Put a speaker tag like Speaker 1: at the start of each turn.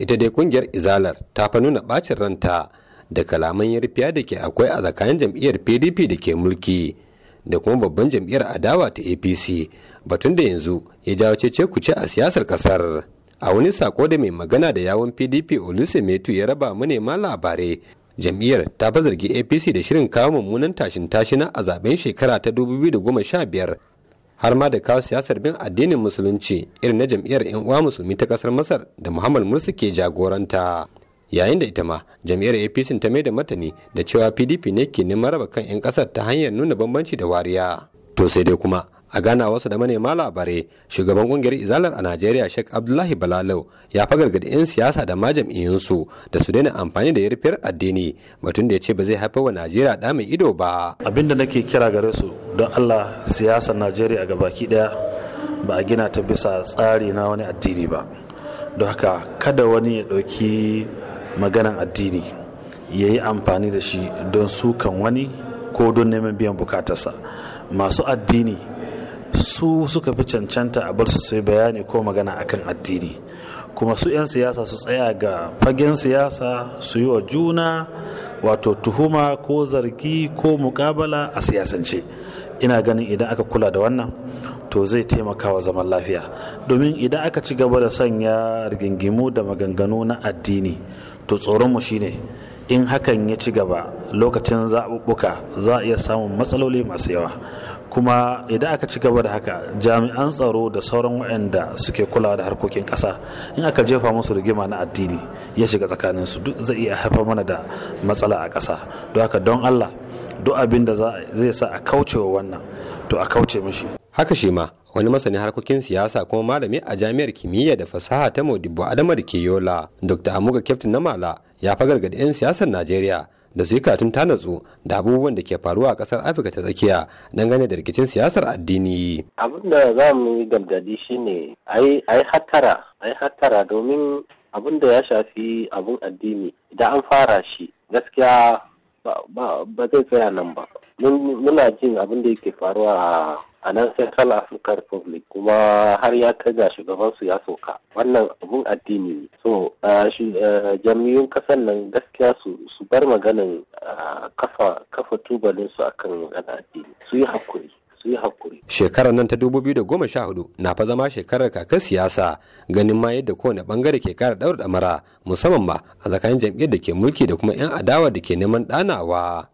Speaker 1: ita dai kungiyar izalar ta fa nuna bacin ranta da kalaman yarfiya da ke akwai a tsakanin jam'iyyar pdp da ke mulki da kuma babban jam'iyyar adawa ta apc batun da yanzu ya jawo cece kuce a siyasar kasar a wani sako da mai magana da yawon pdp metu ya raba manema labarai jam'iyyar ta fa zargi apc da shirin kawo mummunan tashin tashina a zaben shekara ta biyu da goma sha biyar. har ma da kawo siyasar bin addinin musulunci irin na jam'iyyar 'yan uwa musulmi ta kasar masar da muhammad mursi ke jagoranta yayin da ita ma jam'iyyar apc ta mai da matani da cewa pdp ne ke neman raba kan 'yan kasar ta hanyar nuna bambanci da wariya to sai dai kuma a wasu da manema labarai shugaban kungiyar izalar a najeriya shek abdullahi balalau ya fa gargadi 'yan siyasa da majam'iyyunsu da su daina amfani da yarfiyar addini batun da ya ce ba zai haifar wa najeriya
Speaker 2: da mai ido ba abin da nake kira gare su don allah siyasar najeriya ga baki daya ba a gina ta bisa tsari na wani addini ba don haka kada wani ya ɗauki maganan addini ya yi amfani da shi don sukan wani ko don neman biyan bukatarsa masu addini su suka fi cancanta a bar su sai bayani ko magana akan addini kuma su 'yan siyasa su tsaya ga fagen siyasa su yi wa juna wato tuhuma ko zargi ko mukabala a siyasance ina ganin idan aka kula da wannan to zai taimaka wa zaman lafiya domin idan aka ci gaba da sanya rigingimu da maganganu na addini to tsoronmu shine in hakan ya ci gaba lokacin zaɓuɓɓuka za a iya samun matsaloli masu yawa kuma idan aka ci gaba da haka jami'an tsaro da sauran waɗanda suke kulawa da harkokin ƙasa in aka jefa musu rigima na addini ya shiga tsakaninsu duk zai iya haifar mana da matsala a ƙasa don haka don allah duk abin da zai sa a kauce wa wannan to a kauce mishi haka shi ma
Speaker 1: wani masanin harkokin siyasa kuma malami a jami'ar kimiyya da fasaha ta modibo adama da keyola dr amuga kyaftin na mala ya fa gargadi 'yan siyasar najeriya da su yi katun ta natsu da abubuwan da ke faruwa a kasar afirka ta tsakiya dangane da rikicin siyasar addini
Speaker 3: abin da za mu yi gargadi shine ai hatara ai hattara domin abin da ya shafi abin addini idan an fara shi gaskiya ba zai tsaya nan ba muna jin abin da yake faruwa a nan central african republic kuma har ya kai ga shugabansu ya soka wannan abin addini ne so jami'un kasan nan gaskiya su bar maganin kafa tubalinsu akan addini su yi hakuri su yi hakuri.
Speaker 1: Shekarar nan ta 2014 na fa zama shekarar kakar siyasa ganin ma yadda kowane bangare ke kara daura damara musamman ma a tsakanin jam'iyyar da ke mulki da kuma 'yan adawa da ke neman danawa.